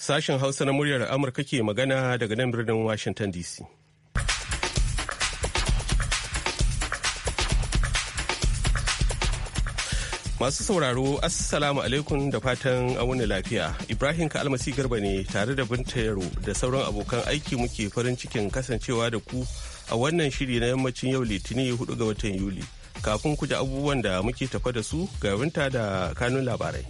Sashen Hausa na muryar Amurka ke magana daga nan birnin Washington DC. Masu sauraro, Assalamu alaikum da fatan wani lafiya. Ibrahim Kalmasi Garba ne tare da Binta Yaro da sauran abokan aiki muke farin cikin kasancewa da ku a wannan shiri na yammacin yau Litinin 4 ga watan Yuli. Kafin ku ji abubuwan da muke tafa da su ga Binta da kanun labarai.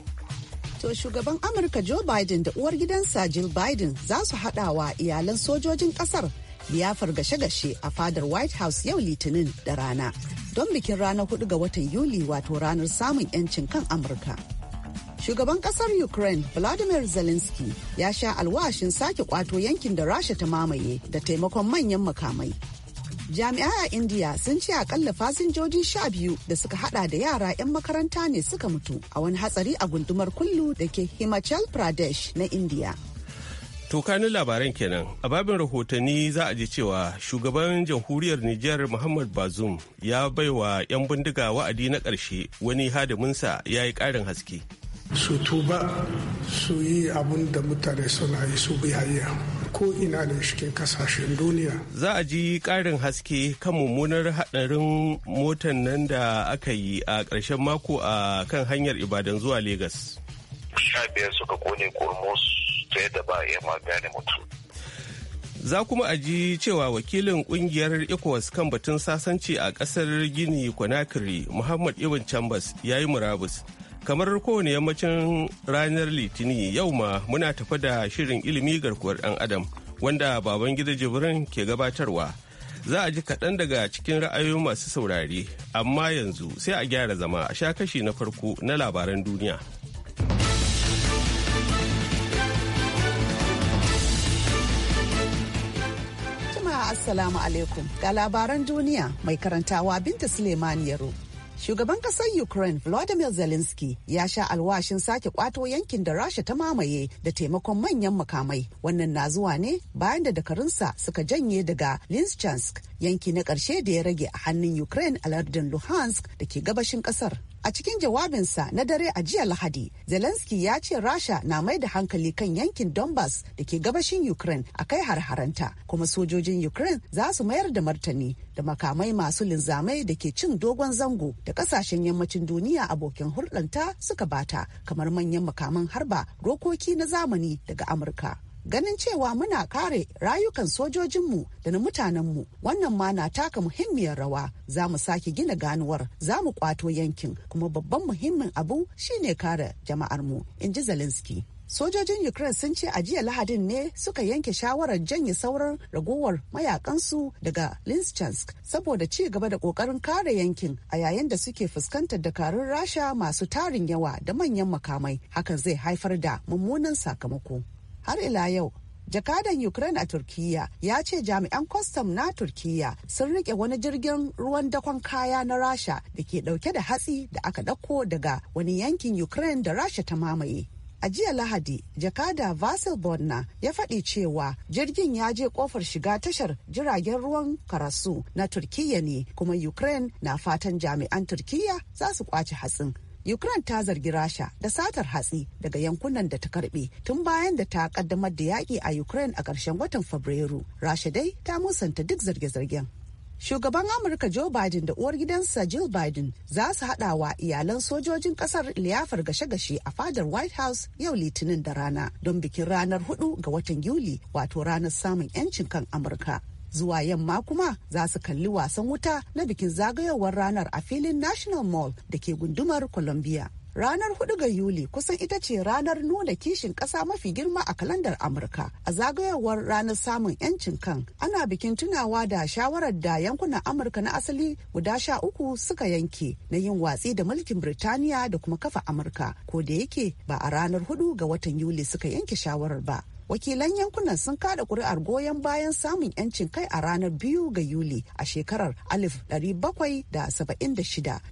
To shugaban Amurka Joe Biden da uwar gidansa Jill Biden za su haɗawa iyalan sojojin ƙasar liyafar gashe-gashe a fadar White House yau Litinin da rana don bikin ranar hudu ga watan Yuli wato ranar samun 'yancin kan Amurka. Shugaban ƙasar Ukraine Vladimir Zelensky ya sha alwashin sake ƙwato yankin da Rasha ta mamaye da taimakon manyan makamai. jami'a a indiya sun ce akalla fasinjoji sha biyu da suka hada da yara 'yan makaranta ne suka mutu a wani hatsari a gundumar kullu da ke himachal pradesh na india tokanin labaran kenan a babin rahotanni za a ji cewa shugaban jamhuriyar nijar muhammad bazum ya baiwa 'yan bindiga wa'adi na karshe wani hadiminsa ya yi karin haske su tuba su yi abun da mutane suna yi su biyayya ko ina da cikin kasashen duniya. Za a ji ƙarin haske kan mummunar haɗarin motar nan da aka yi a ƙarshen mako a kan hanyar Ibadan zuwa Legas. Sha biyar suka kone kurmus ta yadda ba a ma gane mutum. Za kuma a ji cewa wakilin kungiyar ECOWAS kan batun sasanci a ƙasar Gini Conakry Muhammad Ibn Chambers ya yi murabus. kamar kowane yammacin ranar litini yau ma muna tafa da shirin ilimi garkuwar dan adam wanda baban gida jibrin ke gabatarwa za a ji kaɗan daga cikin ra'ayoyin masu saurari amma yanzu sai a gyara zama a sha kashi na farko na labaran duniya Assalamu alaikum ga labaran duniya mai karantawa Binta Suleiman Yaro. Shugaban kasar Ukraine Volodymyr Zelensky ya sha alwashin sake kwato yankin da Rasha ta mamaye da taimakon manyan makamai. Wannan na zuwa ne bayan da dakarunsa suka janye daga linschansk yanki na karshe da ya rage a hannun Ukraine a lardin Luhansk da ke gabashin kasar. A cikin jawabinsa na dare a jiya Lahadi, Zelensky ya ce Rasha na mai da hankali kan yankin Donbass da ke gabashin Ukraine a kai har-haranta, kuma sojojin Ukraine za su mayar da martani da makamai masu linzamai da ke cin dogon zango da kasashen yammacin duniya abokin hulɗanta suka bata kamar manyan makaman harba rokoki na zamani daga Amurka. ganin cewa muna kare rayukan sojojinmu da na mutanenmu wannan ma na taka muhimmiyar rawa za mu sake gina ganuwar za mu kwato yankin kuma babban muhimmin abu shine kare jama'armu in ji zelenski sojojin ukraine sun ce a jiya lahadin ne suka yanke shawarar janye sauran ragowar mayakansu daga linschansk saboda ci gaba da kokarin kare yankin a yayin da suke fuskantar dakarun rasha masu tarin yawa da manyan makamai hakan zai haifar da mummunan sakamako har ila yau jakadan ukraine a turkiya ya ce jami'an kwastam na turkiya sun rike wani jirgin ruwan dakon kaya na rasha da ke dauke da hatsi da aka dauko daga wani yankin ukraine da rasha ta mamaye a jiya lahadi jakada vasil bodna ya faɗi cewa jirgin ya je kofar shiga tashar jiragen ruwan karasu na turkiya ne kuma ukraine na fatan jami'an turkiya za su kwace hatsin Ukraine ta zargi Rasha da satar hatsi daga yankunan da ta karbe tun bayan da ta kaddamar da yaƙi a Ukraine a ƙarshen watan Fabrairu. Rasha dai ta musanta duk zarge-zargen. Shugaban Amurka Joe Biden da uwar gidansa Jill Biden za su haɗawa iyalan sojojin ƙasar liyafar gashe-gashe a fadar White House yau Litinin da rana don bikin ranar hudu ga watan Yuli wato ranar samun 'yancin kan Amurka. zuwa yamma kuma za su kalli wasan wuta na bikin zagayowar ranar a filin national mall da ke gundumar columbia Ranar 4 ga Yuli kusan ita ce ranar nuna kishin ƙasa mafi girma a kalandar Amurka. A zagayowar ranar samun 'yancin kan, ana bikin tunawa da shawarar da yankunan Amurka na asali guda sha uku suka yanke na yin watsi da mulkin Birtaniya da kuma kafa Amurka, ko da yake ba a ranar 4 ga watan Yuli suka yanke shawarar ba. wakilan yankunan sun kada kuri'ar goyon bayan samun 'yancin kai a ranar biyu ga yuli a shekarar 1776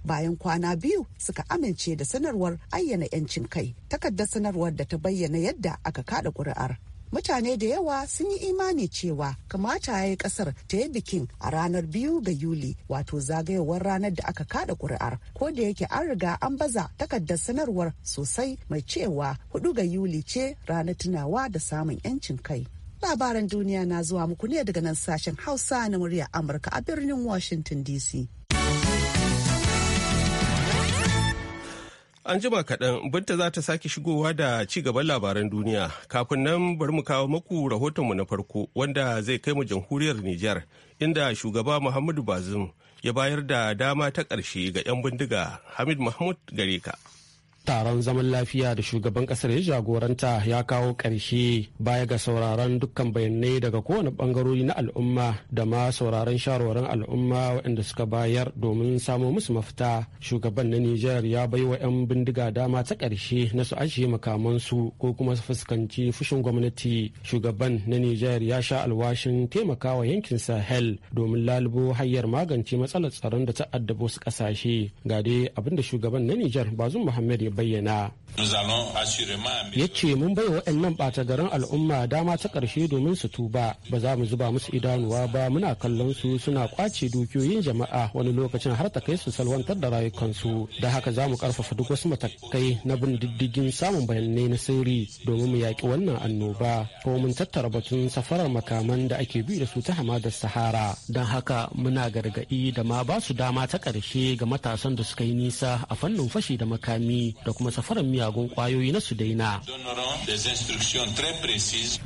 bayan kwana biyu suka amince da sanarwar ayyana 'yancin kai takardar sanarwar da ta bayyana yadda aka kada kuri'ar mutane da yawa sun yi imani cewa kamata ya yi kasar ta yi bikin a ranar biyu ga yuli wato zagayowar ranar da aka kada kuri'ar ko da yake an riga an baza takardar sanarwar sosai mai cewa hudu ga yuli ce ranar tunawa da samun 'yancin kai labaran duniya na zuwa muku ne daga nan sashen hausa na murya amurka a birnin washington dc An jima kaɗan Binta za ta sake shigowa da ci gaban labaran duniya. Kafin nan bari mu kawo maku rahotonmu na farko wanda zai kai mu jamhuriyar Nijar inda shugaba Muhammadu Bazum ya bayar da dama ta ƙarshe ga 'yan bindiga Hamid Mahmud gare ka. taron zaman lafiya da shugaban kasar ya jagoranta ya kawo ƙarshe baya ga sauraron dukkan bayanai daga kowane ɓangarori na al'umma da ma sauraron shawarwarin al'umma waɗanda suka bayar domin samo musu mafita shugaban na nijar ya bai wa 'yan bindiga dama ta ƙarshe na su ajiye makamansu ko kuma su fuskanci fushin gwamnati shugaban na nijar ya sha alwashin taimakawa yankin sahel domin lalubo hanyar magance matsalar tsaron da ta addaba wasu ƙasashe ga dai abinda shugaban na nijar bazum muhammad ya bayyana ya ce mun bai waɗannan ɓata garin al'umma dama ta ƙarshe domin su tuba ba za mu zuba musu idanuwa ba muna kallon su suna kwace dukiyoyin jama'a wani lokacin har ta kai su salwantar da rayukansu da haka za mu ƙarfafa duk wasu matakai na bin diddigin samun bayanai na sirri domin mu yaƙi wannan annoba ko mun tattara batun safarar makaman da ake bi da su ta hamadar sahara don haka muna gargaɗi da ma ba su dama ta ƙarshe ga matasan da suka yi nisa a fannin fashi da makami da kuma safaran miyagun kwayoyi na su daina.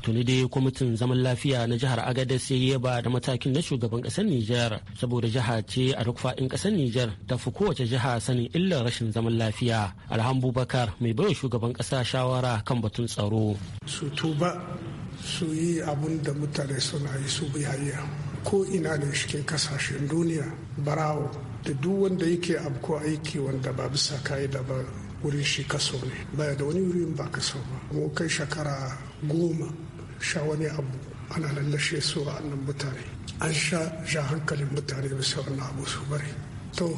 Tuni dai kwamitin zaman lafiya na jihar Agadez ya ba da matakin na shugaban ƙasar Nijar saboda jiha ce a duk fadin kasar Nijar ta fi kowace jiha sanin illar rashin zaman lafiya. Alhambu Bakar mai baiwa shugaban ƙasa shawara kan batun tsaro. Su tuba su yi abun da mutane suna yi su biyayya ko ina ne shike kasashen duniya barawo da duk wanda yake ko aiki wanda ba bisa ka'ida ba wurin shi kaso ne baya da wani wurin ba kaso ba mu kai shekara goma sha wani abu ana lallashe su a nan mutane an sha ja hankalin mutane sai wannan abu su bari to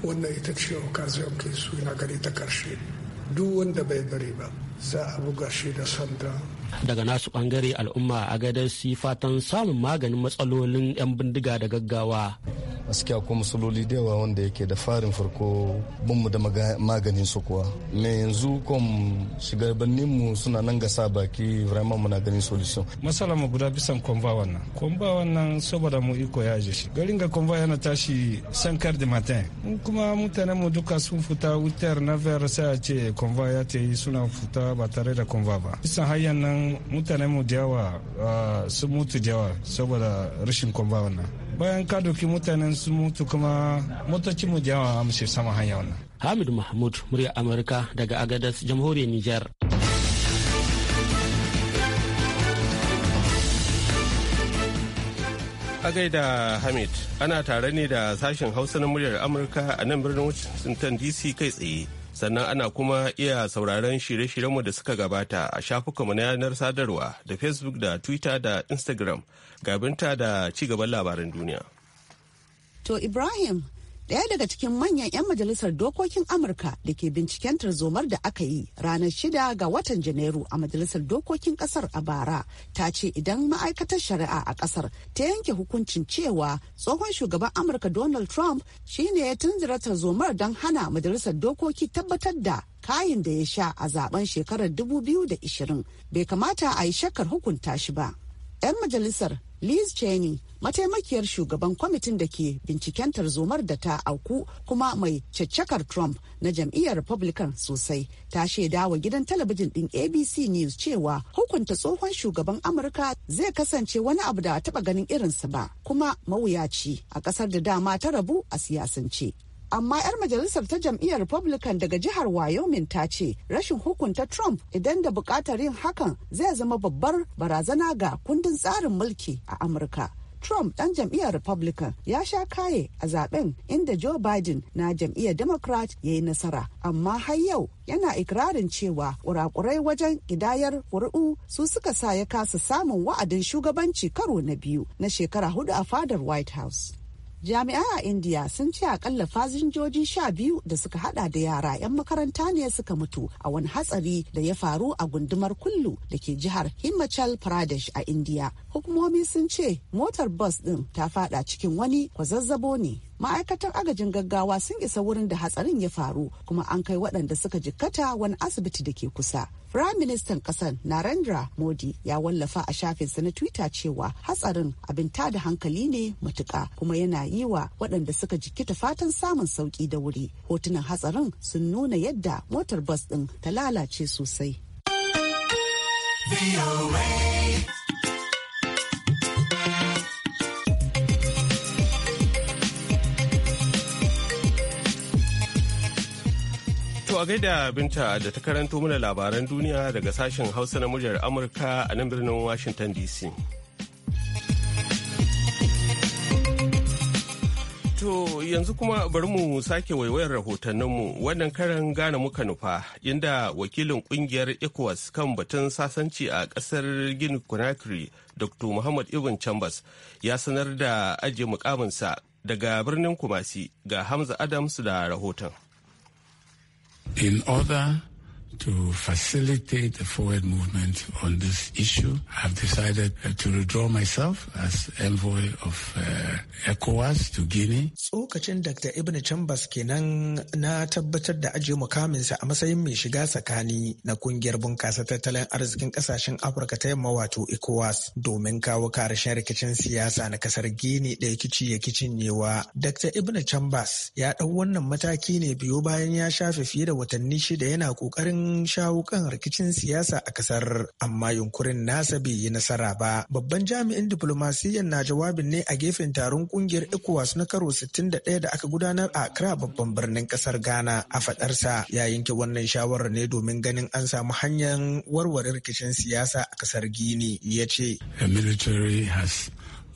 wannan ita ce okaziyar kai su na gari ta karshe duk wanda bai bari ba za a buga shi da sanda daga nasu bangare al'umma a gadar si fatan samun maganin matsalolin 'yan bindiga da gaggawa gaskiya ko masaloli da yawa wanda yake da farin farko mu da maganin su kuwa me yanzu kom shugabannin mu suna nan gasa baki vraiment muna ganin solution masala mu guda bisan konva wannan konva wannan saboda mu iko ya je shi garin ga konva yana tashi sankar de matin kuma mutanen mu duka sun fita wutar na ver sai a ce konba ya ta yi suna futa ba tare da konba ba bisan hanyar nan mutanen mu da yawa ah, sun mutu da yawa saboda rashin konva wannan bayan ka doki mutanen su mutu kuma motocin mu da yawa mu sama hanya wannan hamid mahmud murya amurka daga agadas jamhuriyar Nijar. a gaida hamid ana tare ne da sashen hausa na muryar amurka a nan birnin washington dc kai tsaye sannan ana kuma iya sauraron shirye-shiryenmu da suka gabata a shafukanmu na yanar sadarwa da facebook da twitter da instagram gabinta da cigaban labaran duniya To Ibrahim, ɗaya daga cikin manyan 'yan majalisar dokokin Amurka da ke binciken tarzomar da aka yi ranar shida ga watan Janairu a majalisar dokokin ƙasar a bara ta ce idan ma'aikatar shari'a a ƙasar ta yanke hukuncin cewa tsohon shugaban Amurka Donald Trump shine ya tunzura tarzomar don hana majalisar dokoki tabbatar da kayan da ya sha a zaben shekarar 2020 bai kamata a yi shakkar hukunta shi ba. 'yan majalisar liz cheney mataimakiyar shugaban kwamitin da ke binciken tarzomar da ta auku kuma mai caccakar trump na jam'iyyar republican sosai ta shaida wa gidan talabijin din abc news cewa hukunta tsohon shugaban amurka zai kasance wani abu da taba ganin irinsa ba kuma mawuyaci a kasar da dama ta rabu a siyasance amma 'yar majalisar ta jam'iyyar republican daga jihar wyoming ta ce rashin hukunta trump idan da bukatar yin hakan zai zama babbar barazana ga kundin tsarin mulki a amurka Trump dan jam'iyyar Republican ya sha kaye a zaben inda Joe Biden na jam'iyyar Democrat ya yi nasara. Amma har yau yana ikirarin cewa kurakurai wajen kidayar kuri'u su suka sa ya kasa samun wa'adin shugabanci karo na biyu na shekara hudu a fadar White House. jami'a a india sun ce akalla fasinjoji sha biyu da suka hada da yara 'yan makaranta ne suka mutu a wani hatsari da ya faru a gundumar kullu da ke jihar himachal pradesh a india hukumomi sun ce motar bus din ta fada cikin wani kwazazzabo ne ma'aikatan agajin gaggawa sun isa wurin da hatsarin ya faru kuma an kai waɗanda suka jikkata wani asibiti da ke kusa Firaministan ƙasar Narendra Modi ya wallafa a shafinsa na Twitter cewa hatsarin abin tada hankali ne matuƙa kuma yana yi wa waɗanda suka jikita fatan samun sauƙi da wuri. Hotunan hatsarin sun nuna yadda motar bas ɗin ta lalace sosai. a gaida binta da ta karanto mana labaran duniya daga sashen Hausa na muryar Amurka a nan birnin Washington DC. To yanzu kuma bari mu sake waiwayar rahotanninmu wannan karan gane muka nufa inda wakilin kungiyar ECOWAS kan batun sasanci a kasar Gini Conakry Dr. Muhammad Ibn Chambers ya sanar da ajiye mukaminsa daga birnin Kumasi ga Hamza Adams da rahoton. in other. to facilitate the forward movement on this issue. I've decided uh, to withdraw myself as envoy of uh, ECOWAS to Guinea. Tsokacin Dr. Ibn Chambers kenan na tabbatar da ajiye mukaminsa a matsayin mai shiga tsakani na kungiyar bunƙasa tattalin arzikin ƙasashen Afirka ta yamma wato ECOWAS domin kawo karshen rikicin siyasa na kasar Guinea da rikici ya kicinyewa. Dr. Ibn Chambers ya ɗau wannan mataki ne biyo bayan ya shafe fiye da watanni shida yana ƙoƙarin shawo kan rikicin siyasa a kasar amma yunkurin nasa bai yi nasara ba babban jami'in diplomasiyyar na jawabin ne a gefen taron kungiyar ecowas na karo 61 da aka gudanar a Accra babban birnin kasar Ghana a fadarsa ya yanke wannan shawarar ne domin ganin an samu hanyar warware rikicin siyasa a kasar Gini ya ce.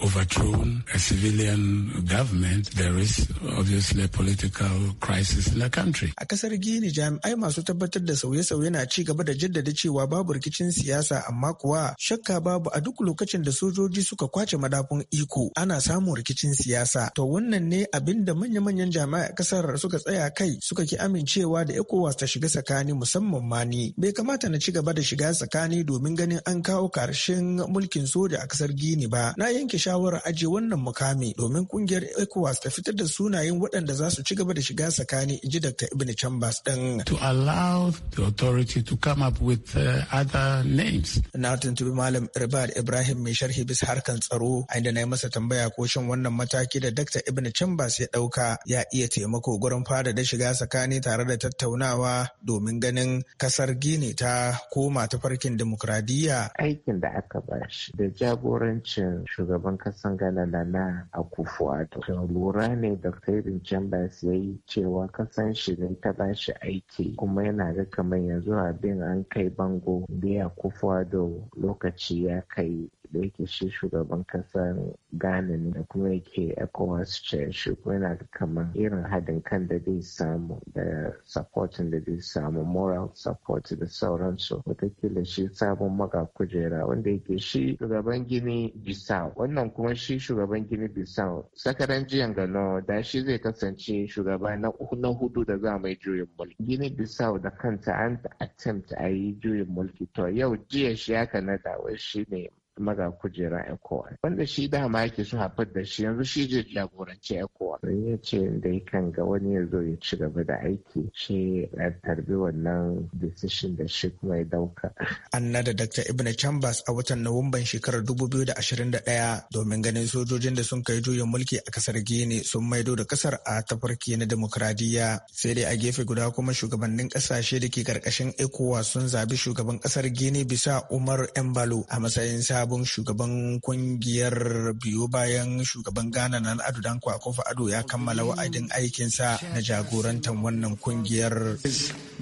overthrown a civilian government, there is obviously a political crisis in the country. A kasar Gini jami'ai masu tabbatar da sauye-sauye na ci gaba da jaddada cewa babu rikicin siyasa amma kuwa shakka babu a duk lokacin da sojoji suka kwace madafun iko ana samun rikicin siyasa. To wannan ne abin da manya-manyan jami'ai a kasar suka tsaya kai suka ki amincewa da ECOWAS ta shiga tsakani musamman ma ni. Bai kamata na ci gaba da shiga tsakani domin ganin an kawo karshen mulkin soja a kasar Gini ba. Na yanke sha shawarar aje wannan mukami domin kungiyar ECOWAS ta fitar da sunayen waɗanda za su ci gaba da shiga tsakani inji Dr. Ibn Chambers ɗin. To allow the authority to come up with uh, other names. Na tuntubi Malam Irbad Ibrahim mai sharhi bis harkan tsaro a inda na yi masa tambaya ko shin wannan mataki da Dr. Ibn Chambers ya ɗauka ya iya taimako gurin fara da shiga tsakani tare da tattaunawa domin ganin kasar Gini ta koma ta farkin dimokuraɗiyya. Aikin da aka bashi da jagorancin shugaban gana na na akufuwato lura ne da kairin chambers ya yi cewa kasan shi zai ta ba shi aiki kuma yana ga kamar yanzu abin an kai bango Kufu akufuwato lokaci ya kai da yake shi shugaban kasa ghana ne da kuma yake ecowas ce, shi yana kamar irin haɗin kan da zai samu da supporting da zai samu moral support da sauransu watakila shi sabon maka kujera wanda yake shi shugaban gini bisau wannan kuma shi shugaban gini bisau sakaran jiyan gano da shi zai kasance shugaba na hudu da za mai juyin mulki gini bisau da kanta an attempt a yi juyin mulki to yau jiya shi ya kanada wai shi ne maga kujera ECOWAS. Wanda shi dama yake su haifar da shi yanzu shi je jagoranci ECOWAS. Sun yi ce da kan ga wani ya zo ya ci gaba da aiki shi ya tarbi wannan decision da shi kuma ya dauka. An da Dr. Ibn Chambers a watan Nuwamban shekarar 2021 domin ganin sojojin da sun kai juyin mulki a kasar Gini sun maido da kasar a tafarki na demokradiyya. Sai dai a gefe guda kuma shugabannin kasashe da ke karkashin ECOWAS sun zabi shugaban kasar Gini bisa Umar Embalo a matsayin sabon shugaban kungiyar biyu bayan shugaban Ghana na Ado Dankwa Akufo Ado ya kammala wa'adin aikinsa na jagorantar wannan kungiyar.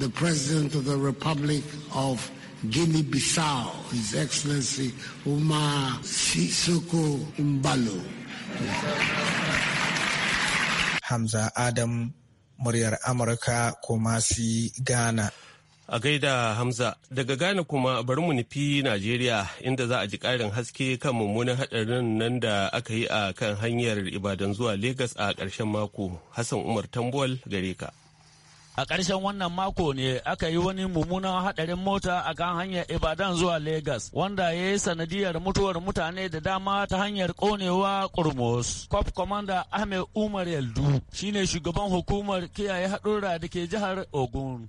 The President of the Republic of Guinea-Bissau, His Excellency Umar sisoko Mbalo. Hamza Adam, muryar Amurka, Kumasi, Ghana. A gaida Hamza, daga Ghana kuma bari mu nufi Najeriya inda za a ji karin haske kan mummunan haɗarin nan da aka yi a kan hanyar Ibadan zuwa Legas a ƙarshen mako. Hassan Umar Tambuwal gare ka. A ƙarshen wannan mako ne aka yi wani mummunan haɗarin mota a kan hanyar Ibadan zuwa Legas, wanda ya yi sanadiyar mutuwar mutane da dama ta hanyar ƙonewa kurmus. Cop Commander Ahmed Umar Yaldu shine shugaban hukumar kiyaye haɗura da ke jihar Ogun.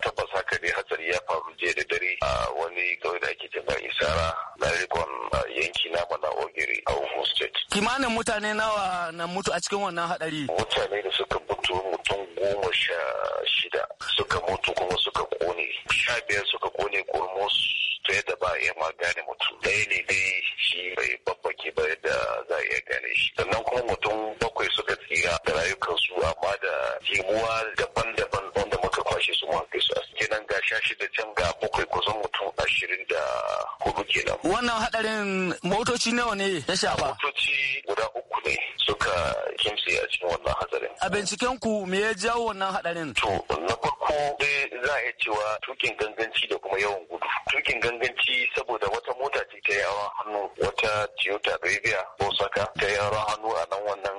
da dare a wani kawai da ake cin isara na rikon yanki na mana ogiri a Ogun State. Kimanin mutane nawa na mutu a cikin wannan hadari? Mutane da suka mutu mutum goma sha shida suka mutu kuma suka kone. Sha biyar suka kone kurmus ta yadda ba a ma gane mutum. Ɗaya ne dai shi bai babbaki ba yadda za a iya gane shi. Sannan kuma mutum bakwai suka tsira da rayukansu amma da jimuwa daban-daban su man kenan ga shashi da can ga bakwai kusan mutum ashirin da hudu kenan wannan hadarin motoci nawa ne ya shafa motoci guda uku ne suka kimse a cikin wannan hatsarin a binciken ku me ya jawo wannan hadarin to na farko dai za a iya cewa tukin ganganci da kuma yawan gudu tukin ganganci saboda wata mota ta yi auren hannu wata Toyota Bravia ko saka ta yi auren hannu a nan wannan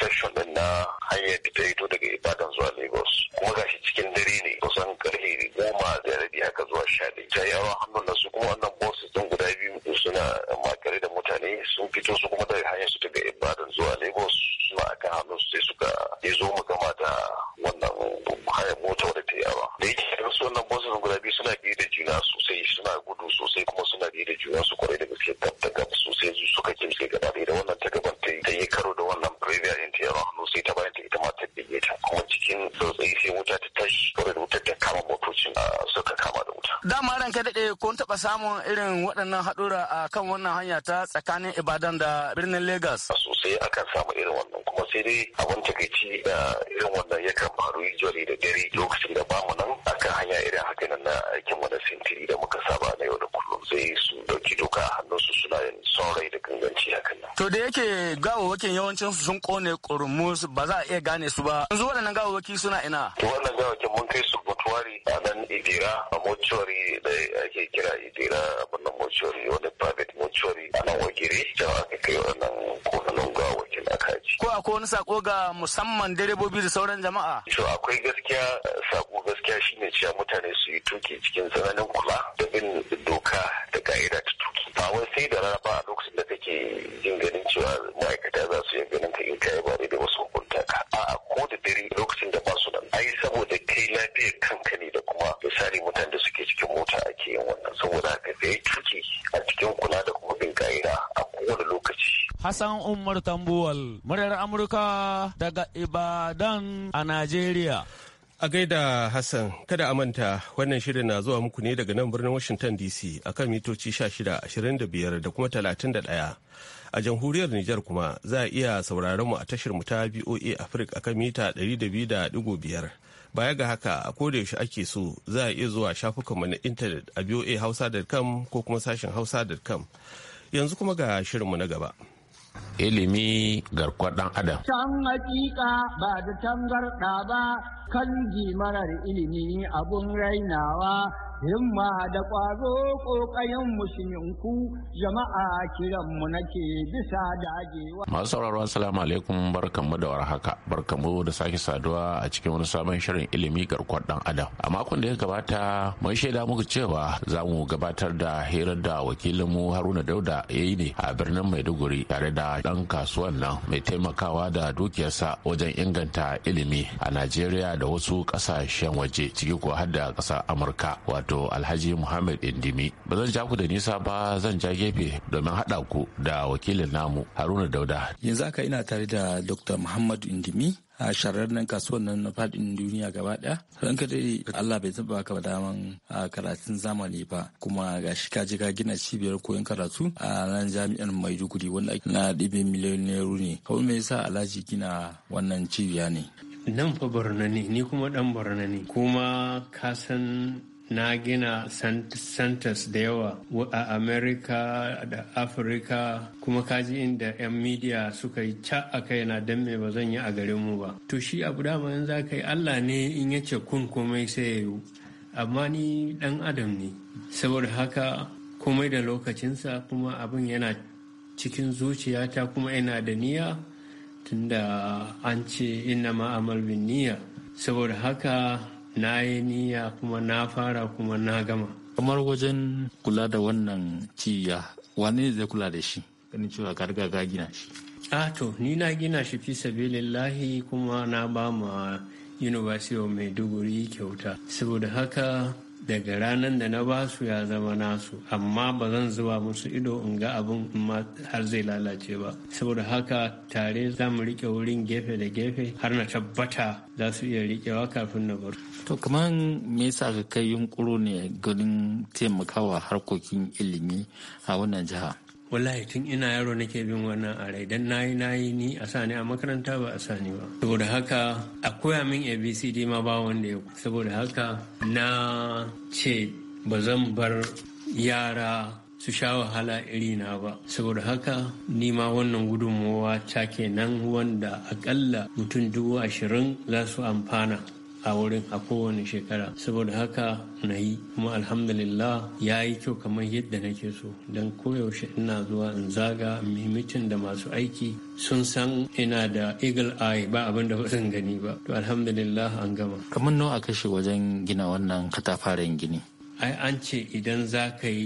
session din na hanyar da ta hito daga Ibadan zuwa Lagos. Kuma gashi cikin dare ne kusan karfe goma da rabi haka zuwa sha ɗaya. Ta yi auren hannu na su kuma wannan bosses din guda biyu suna makare da mutane sun fito su kuma daga hanyar su daga Ibadan zuwa Lagos suna akan hannu sai suka yi zo mu gama da wannan hanyar mota da ta yi awa. Da yake wannan bosses guda suna biye da juna sosai suna gudu sosai kuma suna biye da juna su kwarai da gaske daga sosai su suka kimse gaba da wannan ta gaban ta yi karo da wannan previa in ta hannu sai ta bayan ta ita ma ta biye ta kuma cikin tsotsai sai wuta ta tashi kwarai da wuta ta kama motocin suka kama da wuta. dama ran ka daɗe ko taɓa samun irin waɗannan haɗura a kan wannan hanya ta tsakanin ibadan da birnin lagos. sosai akan samu irin wannan kuma sai dai abin takaici da irin wannan yakan faru jori da dare lokacin da bamu nan akan hanya irin aikin mu na sintiri da muka saba na yau da kullum zai su dauki doka hannunsu suna yin saurayi da ganganci hakan nan. To da yake gawawakin yawancin su sun kone ƙurumus ba za a iya gane su ba. Yanzu waɗannan gawawaki suna ina. To wannan gawawakin mun kai su mortuary a nan idira a mortuary da ake kira idira a nan mortuary wani private mortuary a nan wagiri da aka kai wannan ga wakil akaji. Ko akwai wani sako ga musamman direbobi da sauran jama'a? To akwai gaskiya sako gaskiya shine cewa mutane su yi tuki cikin tsananin kula da bin doka da ka'ida ta tuki. Ba wai sai da rana ba a lokacin da kake jin ganin cewa ma'aikata za su yi ganin ka in kai ba da wasu hukunta ka. A'a ko da dare lokacin da ba su nan. Ai saboda kai lafiyar kanka ne da kuma misali mutane da suke cikin mota ake yin wannan saboda haka ya tuki a cikin kula da kuma bin ka'ida a kowane lokaci. Hassan Umar Tambuwal, muryar Amurka daga Ibadan a Najeriya. A gaida Hassan, kada a manta wannan shirin na zuwa muku ne daga nan birnin Washington DC a kan mitoci 16, 25 da kuma 31. a jamhuriyar Nijar kuma za a iya sauraron mu a tashar mu ta BOA Africa kan mita 200.5 Baya ga haka a yaushe ake so za a iya zuwa shafukanmu na intanet a voahausa.com ko kuma sashen hausa.com. Yanzu kuma ga shirinmu na gaba. ilimi garkuwar dan adam. Can hakika ba da tangarɗa ba kan marar ilimi abun rainawa himma da ƙwazo ƙoƙayen musulunku jama'a kiranmu nake bisa dagewa. Masu sauraro assalamu alaikum barkanmu da warhaka barkanmu da sake saduwa a cikin wani sabon shirin ilimi garkuwar dan adam. A makon da ya gabata mun shaida muku cewa za mu gabatar da hirar da wakilinmu Haruna Dauda ya yi ne a birnin Maiduguri tare da ɗan kasuwan nan mai taimakawa da dukiyarsa wajen inganta ilimi a najeriya da wasu kasashen waje ciki ko har da ƙasar amurka wato alhaji muhammad indimi ba zan ja ku da nisa ba zan ja gefe domin haɗa ku da wakilin namu haruna dauda yanzu haka ina tare da dr muhammad indimi a shararren kasuwan nan na fadin duniya gaba daya don ka dai Allah bai taba ka daman a karatun zamani ba kuma ga shi ka je ka gina cibiyar koyon karatu a nan jami'ar Maiduguri wanda na dibe miliyoniyaru ne kawai me yasa Alhaji gina wannan cibiya ne nan fa Borno ne ni kuma dan Borno ne kuma ka san na gina centers da yawa a america da afirka kuma kaji inda 'yan media suka yi ca a kaina don me ba zan yi a mu ba to shi abu dama yanzu za ka yi allah ne in ya ce kun komai sai ya yi amma ni dan adam ne saboda haka komai da lokacinsa kuma abin yana cikin zuciyata kuma yana da niyya tunda an ce ina ma'amal bin niyya saboda haka na yi niyya kuma na fara kuma na gama kamar wajen kula da wannan ciya wane zai kula da shi ganin cewa ka riga ka gina shi a to ni na gina shi fi sabilillahi kuma na ba ma University of Maiduguri kyauta saboda haka daga ranar da na ba su ya zama nasu amma ba zan zuba musu ido in ga abin ma har zai lalace ba saboda haka tare za mu rike wurin gefe da gefe har na tabbata za su iya riƙewa kafin na bar to kamar me yasa ka kai yunkuro ne ganin taimakawa harkokin ilimi a wannan jiha wallahi tun ina yaro nake bin wannan a rai dan na yi ni a sani a makaranta ba a sani ba saboda haka a koya min abcd ma ba wanda ya saboda haka na ce ba zan bar yara su sha wahala iri na ba saboda haka nima wannan gudunmowa ta kenan wanda akalla mutum dubu ashirin za su amfana a wurin a kowane shekara saboda haka na yi kuma alhamdulillah ya yi kyau kamar yadda nake so don koyaushe ina zuwa in zaga mimitin da masu aiki sun san ina da eagle eye ba abin da zan gani ba to alhamdulillah an gama kamar nawa a kashe wajen gina wannan katafaren gini ai an ce idan za ka yi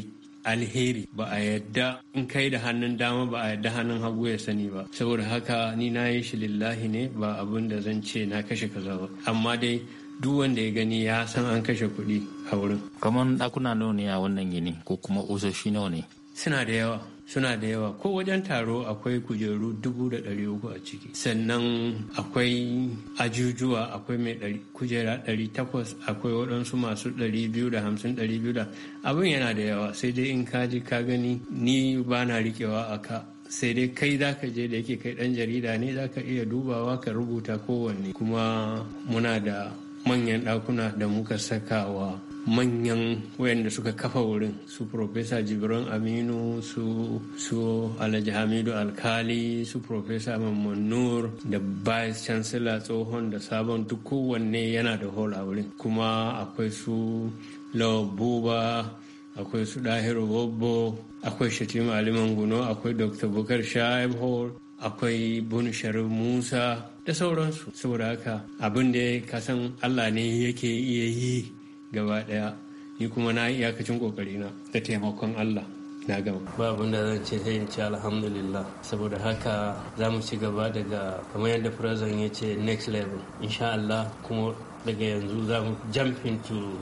alheri ba a yadda in kai da hannun dama ba a yadda hannun hagu ya sani ba saboda haka ni na yi shi lillahi ne ba abin da zan ce na kashe kaza ba amma dai duk wanda ya gani ya san an kashe kuɗi a wurin. kamar ɗakuna nawa ne a wannan gini ko kuma kusoshi nawa ne. suna da yawa suna da yawa ko wajen taro akwai kujeru dubu da ɗari uku a ciki sannan akwai ajujuwa akwai mai kujera ɗari takwas akwai waɗansu masu ɗari biyu da hamsin ɗari biyu da abin yana da yawa sai dai in ka ka gani ni ba na riƙewa a ka sai dai kai za ka je da yake kai ɗan jarida ne za ka iya dubawa ka rubuta kowanne kuma muna da manyan ɗakuna da muka saka wa. manyan wayanda suka kafa wurin su profesa jibran aminu su su alhaji hamidu alkali su profesa mamman nur da vice chancellor tsohon da sabon duk kowanne yana da hall a wurin kuma akwai su lawa buba akwai su dahiru bobo akwai shatim aliman guno akwai dr bukar shaib hall akwai bunu sharif musa da sauransu saboda haka abin da ya kasan allah ne yake iya yi gaba daya ni kuma na iyakacin kokari na da taimakon Allah na gama ba abin da zan ce sai in ce alhamdulillah saboda haka za mu ci gaba daga kamar yadda president ya ce next level insha Allah kuma daga yanzu za mu jump into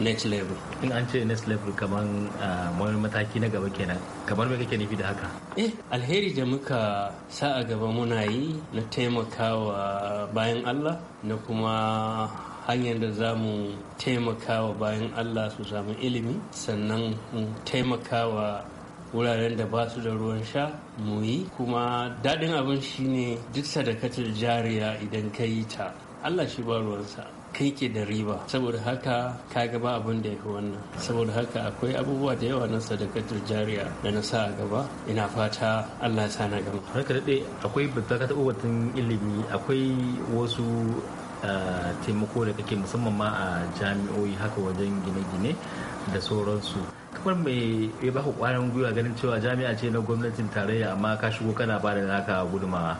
next level in an ce next level kamar ah, wani mataki na gaba kenan kamar me kake nufi da haka eh alheri da muka sa a gaba muna yi na taimakawa bayan Allah na kuma hanyar da za mu taimakawa bayan allah su samu ilimi sannan mu taimakawa wuraren da ba su da ruwan sha mu yi kuma daɗin abin ne duk sadakatar jariya idan ka yi ta allah shi ba ruwansa kai ke da riba saboda haka ka gaba abin da ya fi wannan saboda haka akwai abubuwa da yawa na sadakatar jariya da na sa a gaba ina fata allah ya sa na gama haka daɗe akwai batun ilimi akwai wasu taimako da kake musamman ma a jami'oi haka wajen gine-gine da sauransu kamar mai ya baka kwarin gwiwa ganin cewa jami'a ce na gwamnatin tarayya amma ka shigo kana ba da naka gudumawa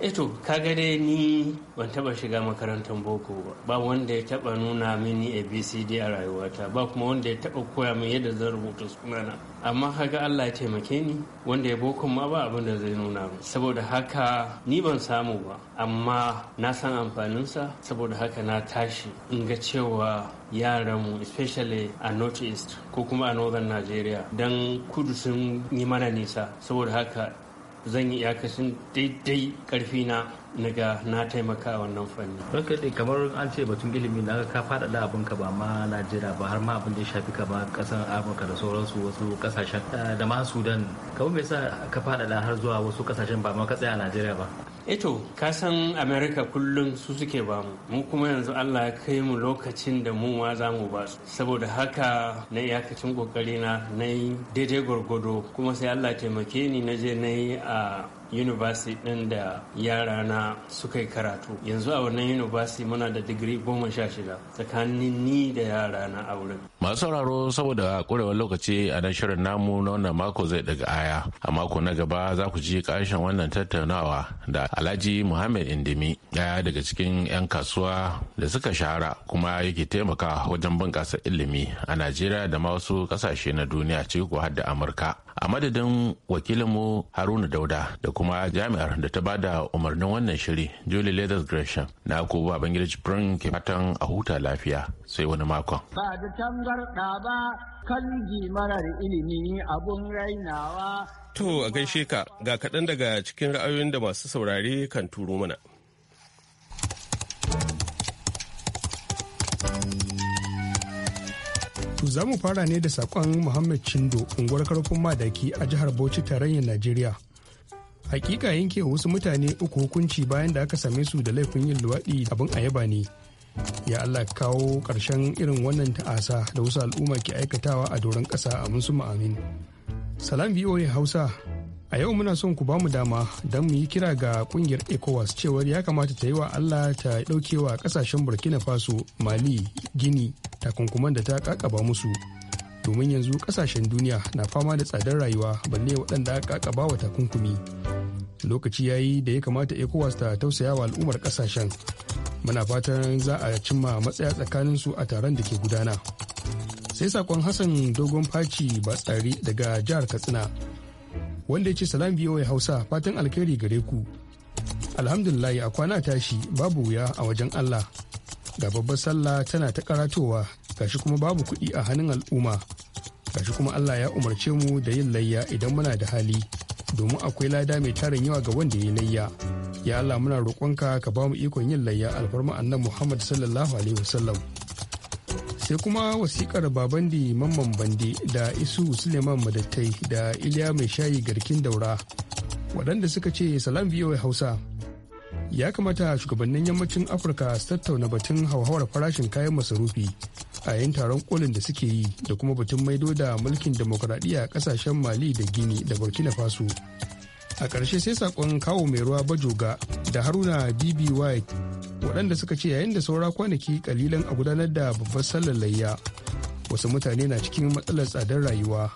eto eh kaga dai ni ban taba shiga makarantar boko ba ba wanda ya taba nuna mini abcd a rayuwata ba kuma wanda ya taba koya min yadda zan rubuta sunana amma haka allah ya taimake ni wanda ya boko ma ba abin da zai nuna min saboda haka ni ban samu ba amma na san amfaninsa saboda haka na tashi in ga cewa yaranmu especially a northeast ko kuma a northern nigeria don kudu sun yi mana nisa saboda haka zan yi iyakacin daidai karfi na naga na taimaka wannan fanni. Ranka dai kamar an ce batun ilimi na ka faɗaɗa abin ka ba ma Najeriya ba har ma abin da ya shafi ba ƙasar Amurka da sauransu wasu ƙasashen eh, da ma Sudan. Kamar me yasa ka faɗaɗa har zuwa wasu ƙasashen ba ma ka tsaya a Najeriya ba? eto eh ka san america kullum su suke bamu mu kuma yanzu allah ya kai mu lokacin da mu ma za mu ba su saboda haka na iyakacin kokari na na yi daidai gwargwado kuma sai allah taimake ni na je na yi a university ɗin da yara na suka yi karatu yanzu a wannan university muna da digiri goma sha shida tsakanin ni da yara na a wurin masu sauraro saboda kurewar lokaci a nan shirin namu na wannan mako zai daga aya a mako na gaba za ku ji kashin wannan tattaunawa da alhaji muhammad indimi ɗaya daga cikin 'yan kasuwa da suka shahara kuma yake taimaka wajen bunƙasa ilimi a najeriya da ma wasu ƙasashe na duniya ciki ko har da amurka a madadin wakilinmu haruna dauda da kuma jami'ar da ta bada umarnin wannan shiri julie leathers gresham na ku babangida jibrin ke fatan a huta lafiya sai wani makon ba da tangarda ba kan marar ilimi abun rainawa to a gaishe ka ga kaɗan daga cikin ra'ayoyin da masu saurare kan turo mana To za mu fara ne da sakon Muhammad Chindo unguwar karfin madaki a jihar Bauchi tarayyar Najeriya. Hakika yanke wasu mutane uku hukunci bayan da aka same su da laifin yin luwaɗi abin a yaba ne. Ya Allah kawo ƙarshen irin wannan ta'asa da wasu al'umma ke aikatawa a doron ƙasa mun suma amin. Salam VOA Hausa a yau muna son ku bamu dama don mu yi kira ga ƙungiyar ecowas cewar ya kamata ta yi wa allah ta daukewa kasashen burkina faso mali gini takunkuman da ta kakaba musu domin yanzu kasashen duniya na fama da tsadar rayuwa balle waɗanda aka kakaba wa takunkumi lokaci ya yi da ya kamata ecowas ta tausaya wa al'ummar kasashen muna fatan za a cimma matsaya tsakanin su a taron da ke gudana sai sakon hassan dogon faci ba tsari daga jihar katsina wanda ya ce salam ya hausa fatan alkhairi gare ku alhamdulillah a kwana tashi babu wuya a wajen allah ga babbar sallah tana ta karatowa gashi kuma babu kuɗi a hannun al'umma gashi kuma Allah ya umarce mu da yin layya idan muna da hali domin akwai lada mai tarin yawa ga wanda ya layya ya Allah muna roƙonka ka ba mu ikon yin layya alfarma annan Muhammad sallallahu alaihi wasallam sai kuma wasikar babandi mamman bande da isu suleiman madattai da iliya mai shayi garkin daura waɗanda suka ce salam biyo hausa ya kamata shugabannin yammacin afirka su tattauna batun hauhawar farashin kayan masarufi a yayin taron kolin da suke yi da kuma batun maido da mulkin demokuraɗiyya a ƙasashen mali da gini da burkina faso a ƙarshe sai saƙon kawo mai ruwa bajoga da haruna bibi white waɗanda suka ce yayin da saura kwanaki kalilan a gudanar da babbar sallar layya wasu mutane na cikin matsalar tsadar rayuwa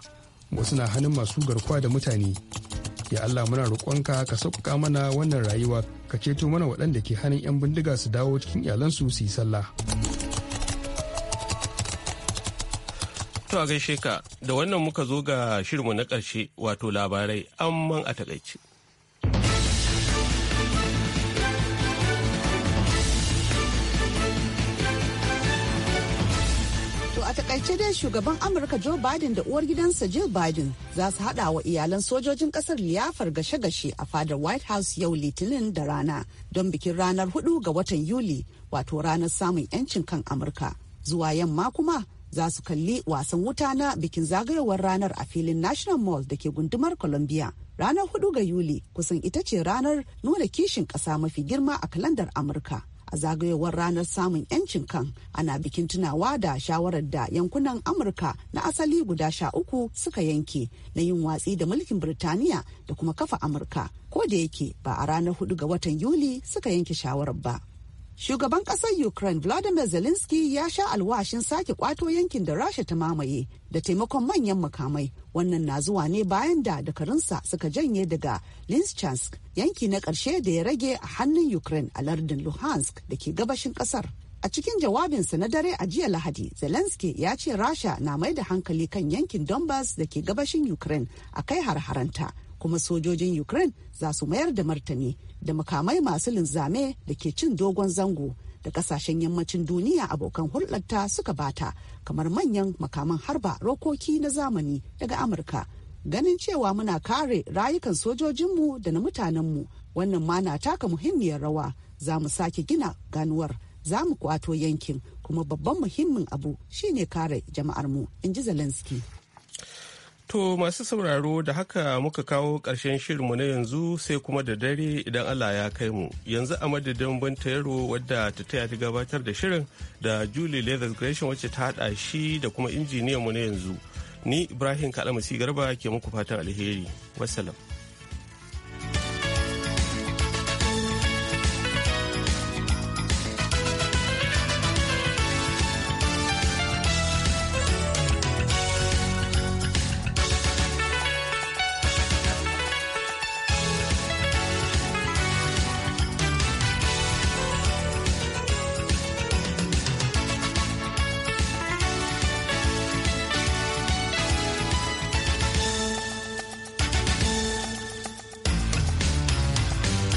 wasu na hannun masu garkuwa da mutane ya Allah muna roƙonka ka sauƙaƙa mana wannan rayuwa ka ceto mana waɗanda ke hannun 'yan bindiga su dawo cikin iyalansu su yi sallah. To a gaishe ka da wannan muka zo ga shirinmu na ƙarshe wato labarai amman a taƙaice. sai dai shugaban amurka joe biden da uwar gidansa jill biden za su hada wa iyalan sojojin kasar liyafar gashe-gashe a fadar white house yau litinin da rana don bikin ranar hudu ga watan yuli wato ranar samun 'yancin kan amurka zuwa yamma kuma za su kalli wasan wuta na bikin zagayowar ranar a filin national mall da ke gundumar columbia ranar hudu ga yuli kusan ita ce ranar nuna kishin ƙasa mafi girma a kalandar amurka a zagayowar ranar samun 'yancin kan ana bikin tunawa da shawarar da yankunan amurka na asali guda sha uku suka yanke na yin watsi da mulkin birtaniya da kuma kafa amurka ko da yake ba a ranar hudu ga watan yuli suka yanke shawarar ba Shugaban ƙasar Ukraine Vladimir Zelensky ya sha alwashin sake kwato yankin da Rasha ta mamaye da taimakon manyan makamai. Wannan na zuwa ne bayan da dakarunsa suka janye daga linschansk yanki na ƙarshe da ya rage a hannun Ukraine a lardin Luhansk da ke gabashin ƙasar. A cikin jawabinsa na dare a jiya Lahadi, Zelensky ya ce Rasha na mai da hankali kan yankin Donbass da ke gabashin Ukraine a kai har-haranta. kuma sojojin ukraine za su mayar da martani da makamai masu linzame da ke cin dogon zango da kasashen yammacin duniya abokan hulɗarta suka bata kamar manyan makaman harba rokoki na zamani daga amurka ganin cewa muna kare rayukan sojojinmu da na mutanenmu wannan ma na taka muhimmiyar rawa za mu sake gina ganuwar za mu kwato yankin kuma babban muhimmin abu shine kare jama'armu in ji zelensky To masu sauraro da haka muka kawo ƙarshen shirinmu na yanzu sai kuma da dare idan Allah ya kai mu. Yanzu a madadin Binta Yaro wadda ta taya ta gabatar da shirin da Julie leather Gresham wacce ta haɗa shi da kuma injiniyanmu na yanzu. Ni Ibrahim Kalamasi Garba ke muku fatan alheri. Wassalam.